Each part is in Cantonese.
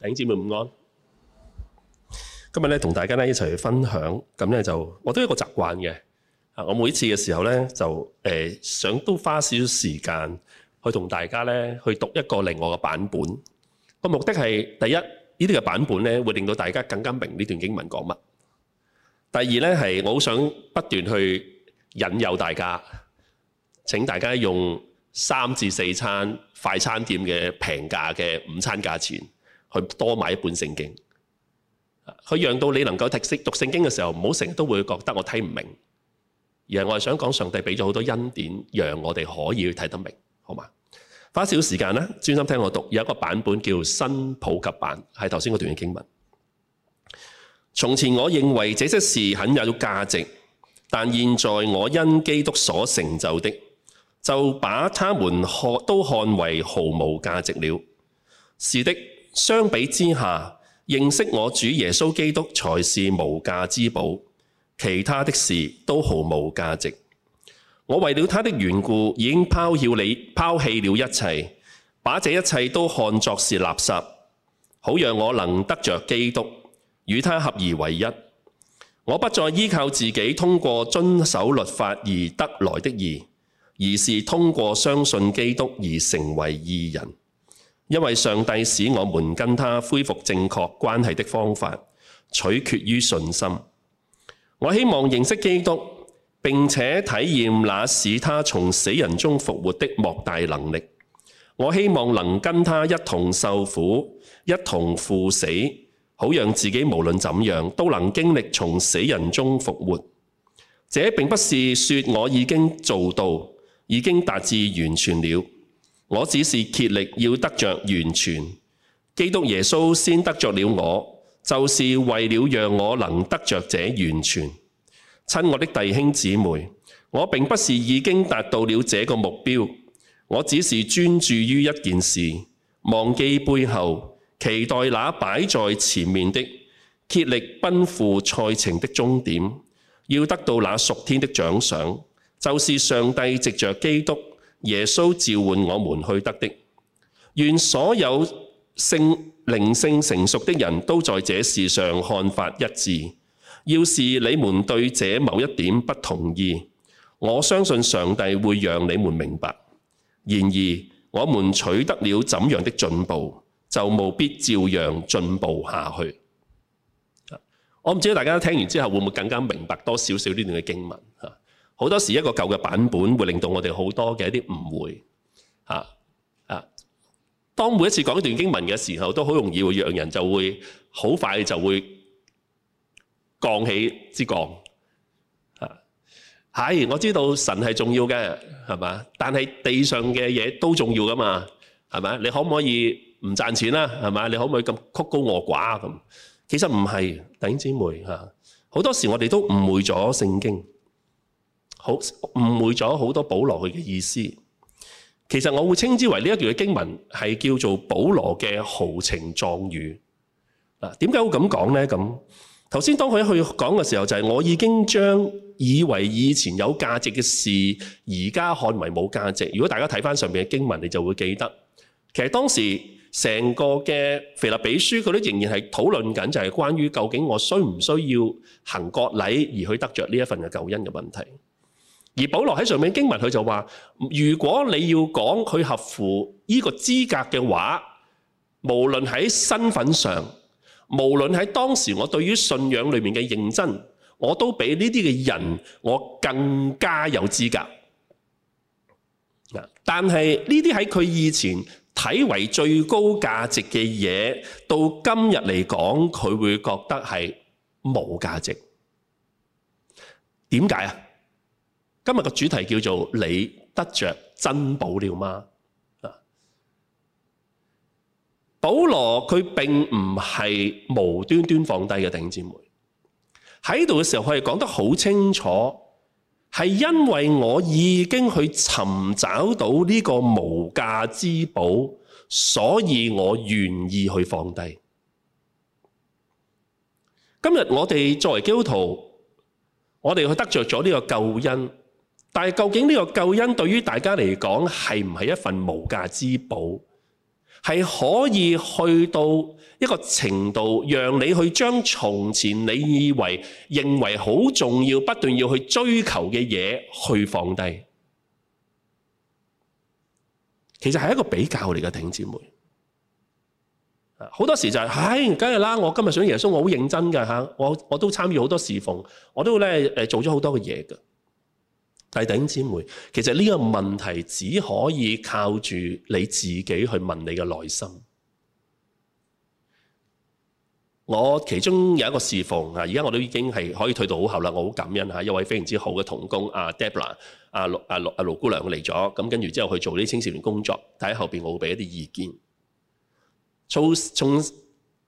弟兄姊妹午安，今日咧同大家咧一齊去分享。咁咧就我都有個習慣嘅啊。我每次嘅時候咧就誒、呃、想都花少少時間去同大家咧去讀一個另外嘅版本。個目的係第一，呢啲嘅版本咧會令到大家更加明呢段經文講乜。第二咧係我好想不斷去引誘大家，請大家用三至四餐快餐店嘅平價嘅午餐價錢。去多買一本聖經，佢讓到你能夠讀聖經嘅時候唔好成日都會覺得我睇唔明，而係我想講上帝俾咗好多恩典，讓我哋可以去睇得明，好嘛？花少少時間啦，專心聽我讀，有一個版本叫新普及版，係頭先嗰段嘅經文。從前我認為這些事很有價值，但現在我因基督所成就的，就把他們都看為毫無價值了。是的。相比之下，認識我主耶穌基督才是無價之寶，其他的事都毫無價值。我為了他的緣故，已經拋棄你，拋棄了一切，把這一切都看作是垃圾，好讓我能得着基督，與他合而為一。我不再依靠自己通過遵守律法而得來的義，而是通過相信基督而成為義人。因為上帝使我們跟他恢復正確關係的方法取決於信心。我希望認識基督，並且體驗那使他從死人中復活的莫大能力。我希望能跟他一同受苦，一同赴死，好讓自己無論怎樣都能經歷從死人中復活。這並不是說我已經做到，已經達至完全了。我只是竭力要得着完全，基督耶穌先得着了我，就是為了讓我能得着這完全。親我的弟兄姊妹，我並不是已經達到了這個目標，我只是專注於一件事，忘記背後，期待那擺在前面的，竭力奔赴賽程的終點，要得到那屬天的獎賞。就是上帝藉着基督。耶穌召喚我們去得的，願所有性靈性成熟的人都在這事上看法一致。要是你們對這某一點不同意，我相信上帝會讓你們明白。然而，我們取得了怎樣的進步，就務必照樣進步下去。我唔知道大家聽完之後會唔會更加明白多少少呢段嘅經文嚇。好多時一個舊嘅版本會令到我哋好多嘅一啲誤會嚇啊！當每一次講一段經文嘅時候，都好容易會讓人就會好快就會降起之降嚇係。我知道神係重要嘅，係嘛？但係地上嘅嘢都重要噶嘛，係嘛？你可唔可以唔賺錢啦？係嘛？你可唔可以咁曲高和寡啊？咁其實唔係，弟兄姊妹嚇。好多時我哋都誤會咗聖經。好誤會咗好多保羅佢嘅意思。其實我會稱之為呢一段嘅經文係叫做保羅嘅豪情壯語。嗱，點解會咁講呢？咁頭先當佢去講嘅時候，就係我已經將以為以前有價值嘅事，而家看為冇價值。如果大家睇返上面嘅經文，你就會記得。其實當時成個嘅腓立比書，佢都仍然係討論緊，就係關於究竟我需唔需要行國禮而去得著呢一份嘅救恩嘅問題。而保羅喺上面經文，佢就話：如果你要講佢合乎呢個資格嘅話，無論喺身份上，無論喺當時我對於信仰裏面嘅認真，我都比呢啲嘅人我更加有資格。但係呢啲喺佢以前睇為最高價值嘅嘢，到今日嚟講，佢會覺得係冇價值。點解呀？今日嘅主題叫做你得着珍寶了嗎？保羅佢並唔係無端端放低嘅，弟兄姊妹喺度嘅時候，佢係講得好清楚，係因為我已經去尋找到呢個無價之寶，所以我願意去放低。今日我哋作為基督徒，我哋去得着咗呢個救恩。但究竟呢個救恩對於大家嚟講係唔係一份無價之寶？係可以去到一個程度，讓你去將從前你以為認為好重要、不斷要去追求嘅嘢去放低。其實係一個比較嚟嘅，弟兄姊妹。好多時就係、是，唉、哎，梗係啦。我今日想耶穌，我好認真㗎吓，我我都參與好多侍奉，我都咧誒做咗好多嘅嘢嘅。弟兄姐妹，其實呢個問題只可以靠住你自己去問你嘅內心。我其中有一個侍奉啊，而家我都已經係可以退到好後啦。我好感恩一位非常之好嘅同工阿 Deborah 啊啊啊盧姑娘嚟咗，咁跟住之後去做啲青少年工作。喺後面我會畀一啲意見從從。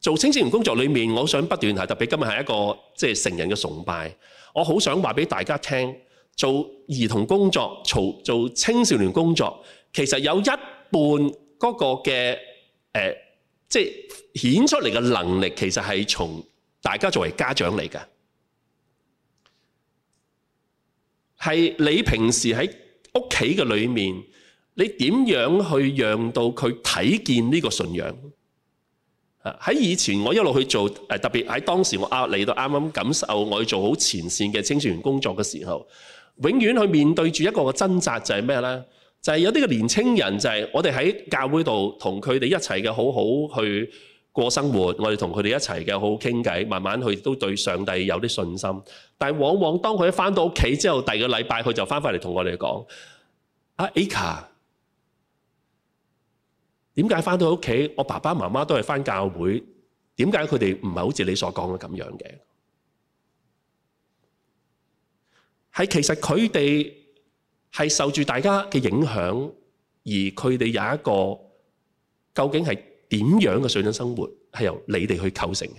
做青少年工作裏面，我想不斷係特別今日係一個即係、就是、成人嘅崇拜。我好想話俾大家聽。做兒童工作、做青少年工作，其實有一半嗰個嘅、呃、即係顯出嚟嘅能力，其實係從大家作為家長嚟嘅，係你平時喺屋企嘅裏面，你點樣去讓到佢睇見呢個信仰？喺以前我一路去做，特別喺當時我啱你都啱啱感受，我要做好前線嘅青少年工作嘅時候。永遠去面對住一個嘅掙扎就係咩呢？就係、是、有啲個年青人就係我哋喺教會度同佢哋一齊嘅好好去過生活，我哋同佢哋一齊嘅好好傾偈，慢慢去都對上帝有啲信心。但係往往當佢一翻到屋企之後，第二個禮拜佢就翻返嚟同我哋講：啊，Aka，點解翻到屋企我爸爸媽媽都係翻教會？點解佢哋唔係好似你所講嘅咁樣嘅？係其實佢哋係受住大家嘅影響，而佢哋有一個究竟係點樣嘅水準生活，係由你哋去構成嘅。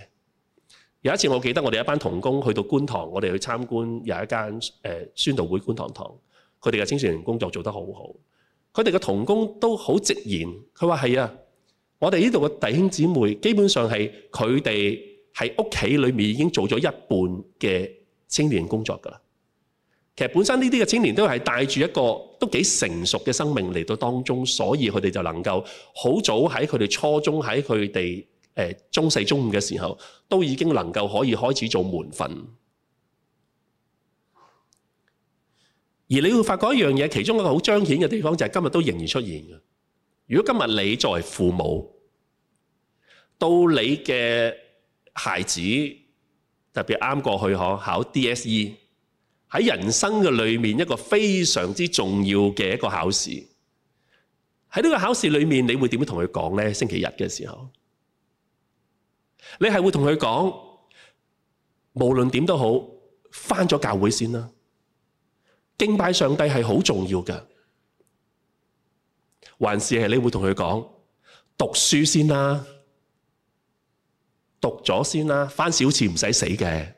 有一次我記得我哋一班同工去到觀塘，我哋去參觀有一間誒宣道會觀塘堂，佢哋嘅青少年工作做得好好，佢哋嘅同工都好直言，佢話係啊，我哋呢度嘅弟兄姊妹基本上係佢哋喺屋企裏面已經做咗一半嘅青年工作㗎啦。其實本身呢啲嘅青年都係帶住一個都幾成熟嘅生命嚟到當中，所以佢哋就能夠好早喺佢哋初中，喺佢哋誒中四中五嘅時候，都已經能夠可以開始做門訓。而你會發覺一樣嘢，其中一個好彰顯嘅地方就係今日都仍然出現嘅。如果今日你作為父母，到你嘅孩子特別啱過去呵，考 DSE。喺人生嘅裏面一個非常之重要嘅一個考試，喺呢個考試裏面，你會點樣同佢講呢？星期日嘅時候，你係會同佢講，無論點都好，返咗教會先啦，敬拜上帝係好重要嘅，還是係你會同佢講，讀書先啦，讀咗先啦，返少次唔使死嘅。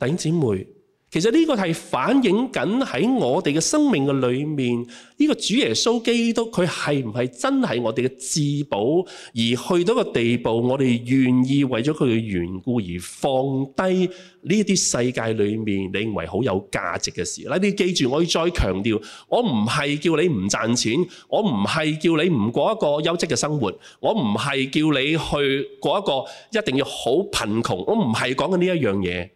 弟兄姐妹，其實呢個係反映緊喺我哋嘅生命嘅裏面，呢、呢個主耶穌基督佢係唔係真係我哋嘅至寶？而去到個地步，我哋願意為咗佢嘅緣故而放低呢啲世界裏面你認為好有價值嘅事。你記住，我要再強調，我唔係叫你唔賺錢，我唔係叫你唔過一個優質嘅生活，我唔係叫你去過一個一定要好貧窮，我唔係講緊呢一樣嘢。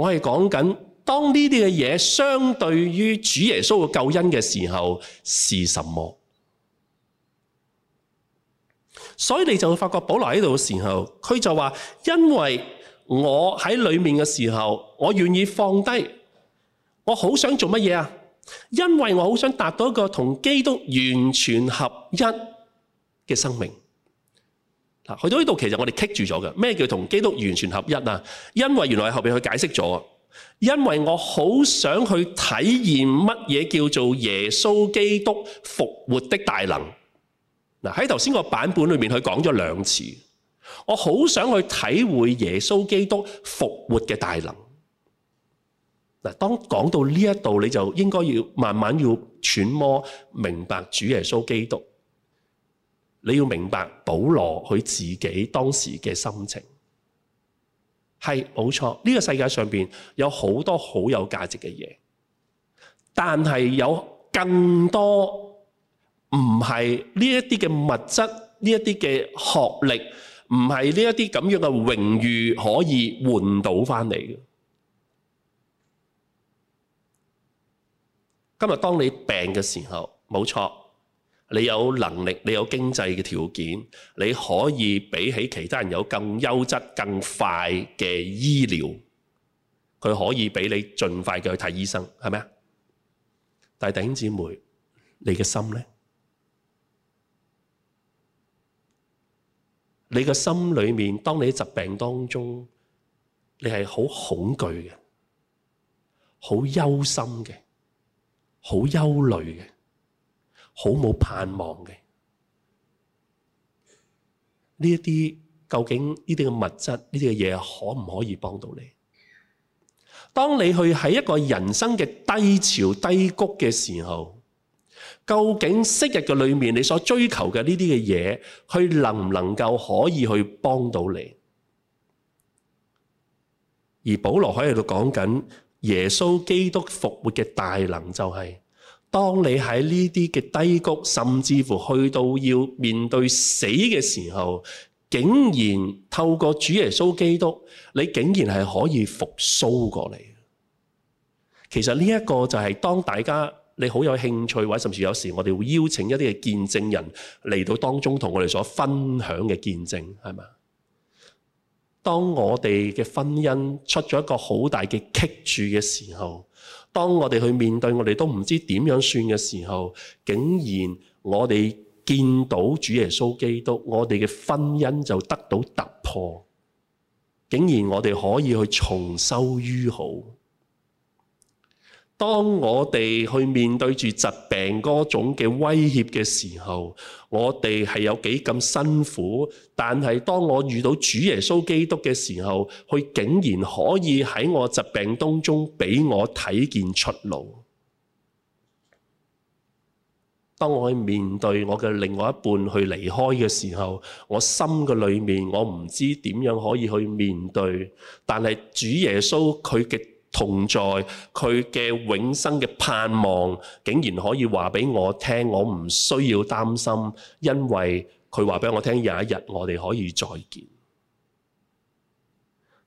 我係講緊當呢啲嘅嘢相對於主耶穌嘅救恩嘅時候，是什麼？所以你就會發覺保羅喺度嘅時候，佢就話，因為我喺裏面嘅時候，我願意放低，我好想做乜嘢啊？因為我好想達到一個同基督完全合一嘅生命。去到呢度，其實我哋棘住咗嘅咩叫同基督完全合一啊？因為原來後邊佢解釋咗，因為我好想去體驗乜嘢叫做耶穌基督復活的大能。嗱，喺頭先個版本裏面，佢講咗兩次，我好想去體會耶穌基督復活嘅大能。嗱，當講到呢一度，你就應該要慢慢要揣摩明白主耶穌基督。你要明白保羅佢自己當時嘅心情，係冇錯。呢、呢個世界上面有好多好有價值嘅嘢，但係有更多唔係呢一啲嘅物質、呢一啲嘅學歷，唔係呢一啲咁樣嘅榮譽可以換到翻嚟嘅。今日當你病嘅時候，冇錯。你有能力，你有經濟嘅條件，你可以比起其他人有更優質、更快嘅醫療，佢可以俾你盡快嘅去睇醫生，係咪啊？但係弟兄姊妹，你嘅心呢，你嘅心裏面，當你喺疾病當中，你係好恐懼嘅，好憂心嘅，好憂慮嘅。好冇盼望嘅呢一啲，究竟呢啲嘅物質、呢啲嘅嘢可唔可以幫到你？當你去喺一個人生嘅低潮、低谷嘅時候，究竟昔日嘅裏面你所追求嘅呢啲嘅嘢，去能唔能夠可以去幫到你？而保羅喺度講緊耶穌基督復活嘅大能，就係。當你喺呢啲嘅低谷，甚至乎去到要面對死嘅時候，竟然透過主耶穌基督，你竟然係可以復蘇過嚟。其實呢一個就係當大家你好有興趣，或者甚至有時我哋會邀請一啲嘅見證人嚟到當中同我哋所分享嘅見證，係嘛？當我哋嘅婚姻出咗一個好大嘅棘住嘅時候。當我哋去面對我哋都唔知點樣算嘅時候，竟然我哋見到主耶穌基督，我哋嘅婚姻就得到突破，竟然我哋可以去重修於好。當我哋去面對住疾病嗰種嘅威脅嘅時候，我哋係有幾咁辛苦。但係當我遇到主耶穌基督嘅時候，佢竟然可以喺我疾病當中俾我睇見出路。當我去面對我嘅另外一半去離開嘅時候，我心嘅裏面我唔知點樣可以去面對。但係主耶穌佢嘅。同在佢嘅永生嘅盼望，竟然可以話俾我聽，我唔需要擔心，因為佢話俾我聽，有一日我哋可以再見。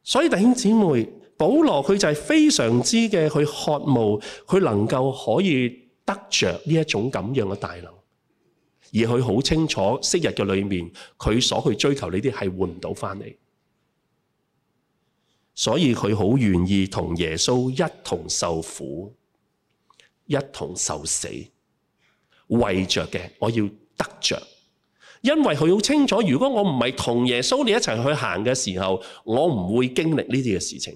所以弟兄姊妹，保羅佢就係非常之嘅去渴慕，佢能夠可以得着呢一種咁樣嘅大能，而佢好清楚昔日嘅裏面，佢所去追求呢啲係換唔到翻嚟。所以佢好願意同耶穌一同受苦，一同受死，為着嘅，我要得着。因為佢好清楚，如果我唔係同耶穌你一齊去行嘅時候，我唔會經歷呢啲嘅事情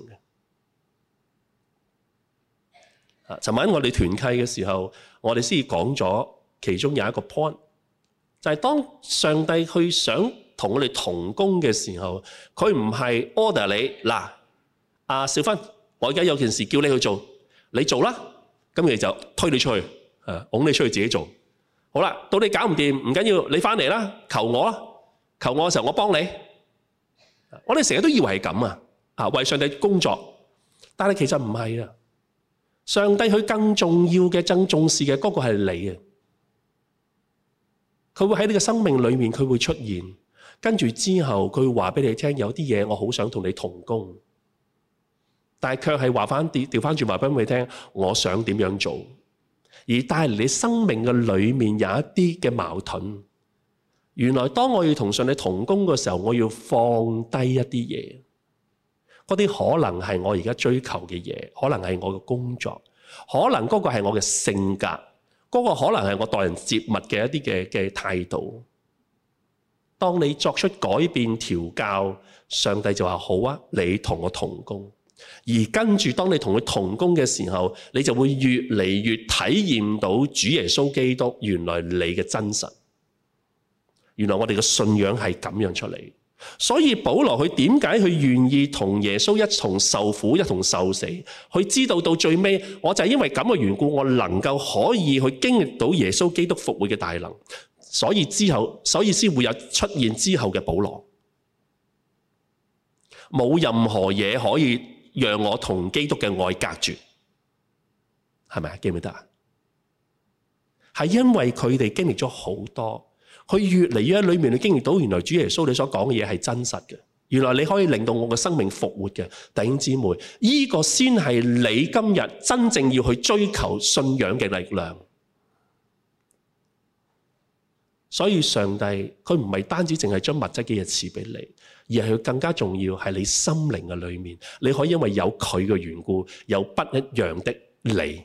嘅。啊，尋晚我哋團契嘅時候，我哋先講咗其中有一個 point，就係、是、當上帝去想同我哋同工嘅時候，佢唔係 order 你阿小芬，我而家有件事叫你去做，你做啦。跟住就推你出去，啊，拱你出去自己做。好啦，到你搞唔掂，唔緊要，你返嚟啦，求我啦。求我嘅時候，我幫你。我哋成日都以為係咁啊，啊，為上帝工作，但係其實唔係啊。上帝佢更重要嘅、更重視嘅嗰個係你啊。佢會喺你嘅生命裏面，佢會出現。跟住之後，佢會話俾你聽，有啲嘢我好想同你同工。但係卻係話返調調翻轉話俾你聽，我想點樣做？而帶嚟你生命嘅裏面有一啲嘅矛盾。原來當我要同上帝同工嘅時候，我要放低一啲嘢，嗰啲可能係我而家追求嘅嘢，可能係我嘅工作，可能嗰個係我嘅性格，嗰個可能係我待人接物嘅一啲嘅態度。當你作出改變調教，上帝就話好啊，你同我同工。而跟住，當你同佢同工嘅時候，你就會越嚟越體驗到主耶穌基督原來你嘅真實，原來我哋嘅信仰係咁樣出嚟。所以保羅佢點解佢願意同耶穌一同受苦、一同受死？佢知道到最尾，我就係因為咁嘅緣故，我能夠可以去經歷到耶穌基督復活嘅大能。所以之後，所以先會有出現之後嘅保羅，冇任何嘢可以。讓我同基督嘅愛隔絕，係咪？記唔記得？係因為佢哋經歷咗好多，佢越嚟越喺裏面去經歷到，原來主耶穌你所講嘅嘢係真實嘅，原來你可以令到我嘅生命復活嘅，弟兄姊妹，呢、這個先係你今日真正要去追求信仰嘅力量。所以上帝佢唔係單止淨係將物質嘅嘢賜俾你，而係佢更加重要係你心靈嘅裏面，你可以因為有佢嘅緣故，有不一樣的你。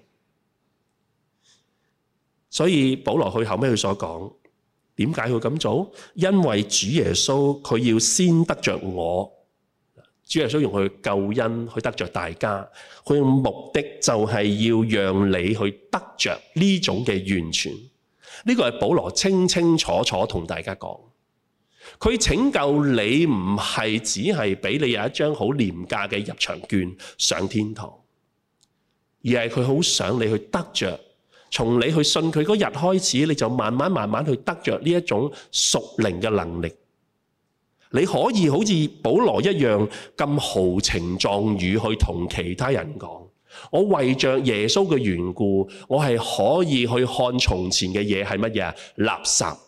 所以保羅去後尾佢所講，點解佢咁做？因為主耶穌佢要先得着我，主耶穌用佢嘅救恩去得着大家，佢嘅目的就係要讓你去得着呢種嘅完全。呢個係保羅清清楚楚同大家講，佢拯救你唔係只係俾你有一張好廉價嘅入場券上天堂，而係佢好想你去得着。從你去信佢嗰日開始，你就慢慢慢慢去得着呢一種屬靈嘅能力。你可以好似保羅一樣咁豪情壯語去同其他人講。我為着耶穌嘅緣故，我係可以去看從前嘅嘢係乜嘢垃圾，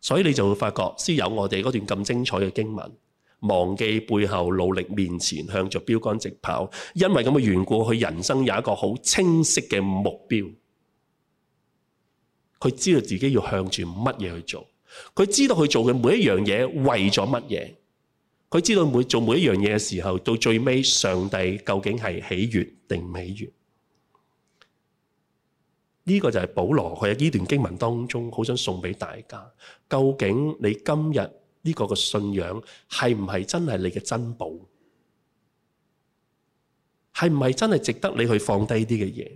所以你就會發覺先有我哋嗰段咁精彩嘅經文。忘記背後，努力面前，向着標杆直跑。因為咁嘅緣故，佢人生有一個好清晰嘅目標。佢知道自己要向住乜嘢去做，佢知道佢做嘅每一樣嘢為咗乜嘢。佢知道每做每一樣嘢嘅時候，到最尾上帝究竟係喜悦定唔喜悦？呢個就係保羅佢喺呢段經文當中好想送俾大家，究竟你今日呢個嘅信仰係唔係真係你嘅珍寶？係唔係真係值得你去放低啲嘅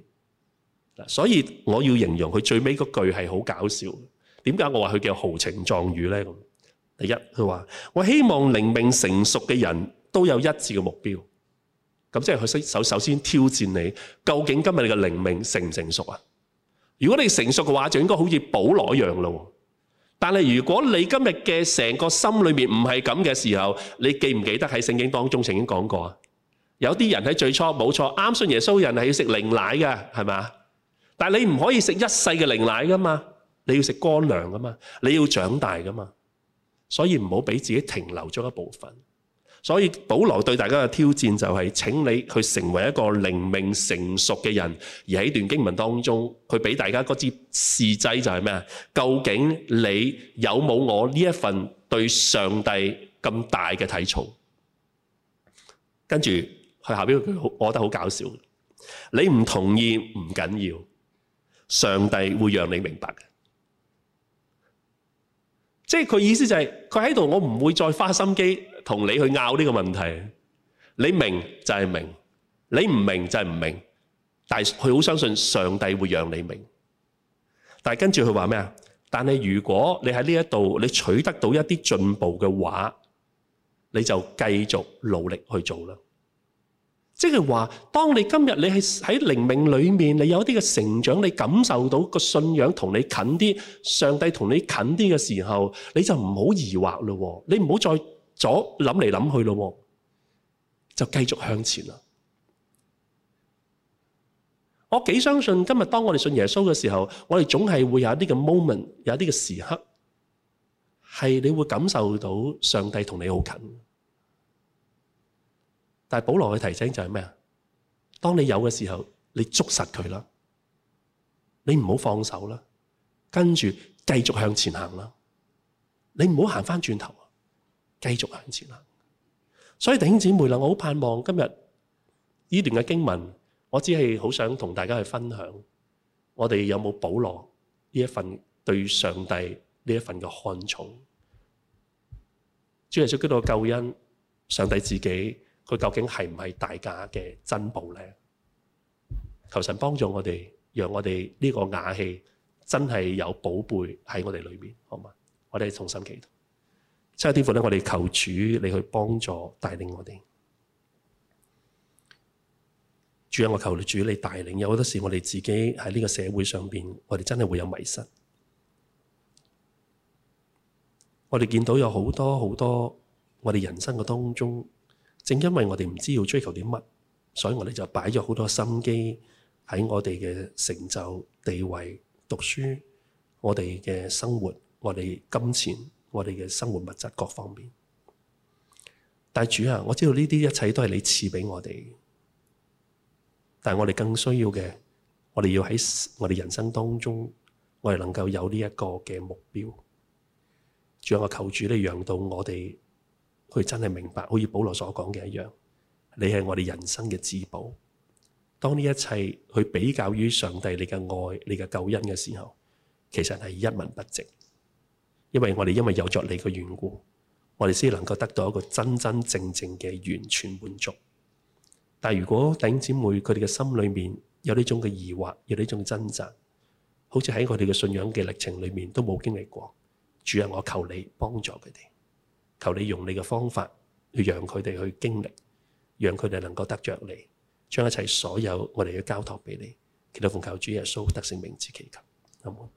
嘢？所以我要形容佢最尾嗰句係好搞笑。點解我話佢叫豪情壯語咧？咁？第一，佢話：我希望靈命成熟嘅人都有一致嘅目標。咁即係佢首首先挑戰你，究竟今日你嘅靈命成唔成熟啊？如果你成熟嘅話，就應該好似保羅一樣咯。但係如果你今日嘅成個心裏面唔係咁嘅時候，你記唔記得喺聖經當中曾經講過啊？有啲人喺最初冇錯啱信耶穌人係要食靈奶㗎，係咪？但係你唔可以食一世嘅靈奶㗎嘛，你要食乾糧㗎嘛，你要長大㗎嘛。所以唔好俾自己停留咗一部分。所以保羅對大家嘅挑戰就係：請你去成為一個靈命成熟嘅人。而喺段經文當中，佢俾大家嗰支試劑就係咩啊？究竟你有冇我呢一份對上帝咁大嘅體重？跟住去下邊一句，我覺得好搞笑。你唔同意唔緊要，上帝會讓你明白嘅。即係佢意思就係，佢喺度我唔會再花心機同你去拗呢個問題。你明就係明，你唔明就係唔明。但係佢好相信上帝會讓你明。但係跟住佢話咩啊？但係如果你喺呢一度你取得到一啲進步嘅話，你就繼續努力去做啦。即係話，當你今日你係喺靈命裏面，你有啲嘅成長，你感受到個信仰同你近啲，上帝同你近啲嘅時候，你就唔好疑惑咯，你唔好再左諗嚟諗去咯，就繼續向前啦。我幾相信今日當我哋信耶穌嘅時候，我哋總係會有一啲嘅 moment，有一啲嘅時刻，係你會感受到上帝同你好近。但係保羅嘅提醒就係咩？當你有嘅時候，你捉實佢啦，你唔好放手啦，跟住繼續向前行啦，你唔好行返轉頭，繼續向前行。所以弟兄姊妹啦，我好盼望今日呢段嘅經文，我只係好想同大家去分享，我哋有冇保羅呢一份對上帝呢一份嘅看重。主耶穌基督嘅救恩，上帝自己。佢究竟係唔係大家嘅珍寶呢？求神幫助我哋，讓我哋呢個雅器真係有寶貝喺我哋裏面。好嘛？我哋重新祈禱，真係天父，我哋求主你去幫助帶領我哋。主啊，我求主你帶領，有好多時我哋自己喺呢個社會上面，我哋真係會有迷失。我哋見到有好多好多，很多我哋人生嘅當中。正因為我哋唔知道要追求啲乜，所以我哋就擺咗好多心機喺我哋嘅成就、地位、讀書、我哋嘅生活、我哋嘅金錢、我哋嘅生活物質各方面。但主啊，我知道呢啲一切都係你賜俾我哋，但我哋更需要嘅，我哋要喺我哋人生當中，我哋能夠有呢一個嘅目標。主啊，求主呢，讓到我哋。佢真係明白，好似保羅所講嘅一樣，你係我哋人生嘅至寶。當呢一切去比較於上帝你嘅愛、你嘅救恩嘅時候，其實係一文不值。因為我哋因為有咗你嘅緣故，我哋先能夠得到一個真真正正嘅完全滿足。但如果弟兄姊妹佢哋嘅心裏面有呢種嘅疑惑，有呢種掙扎，好似喺佢哋嘅信仰嘅歷程裏面都冇經歷過，主啊，我求你幫助佢哋。求你用你嘅方法去讓佢哋去經歷，讓佢哋能夠得着你，將一切所有我哋嘅交託畀你。祈求奉求主耶穌得勝名字祈求。好冇？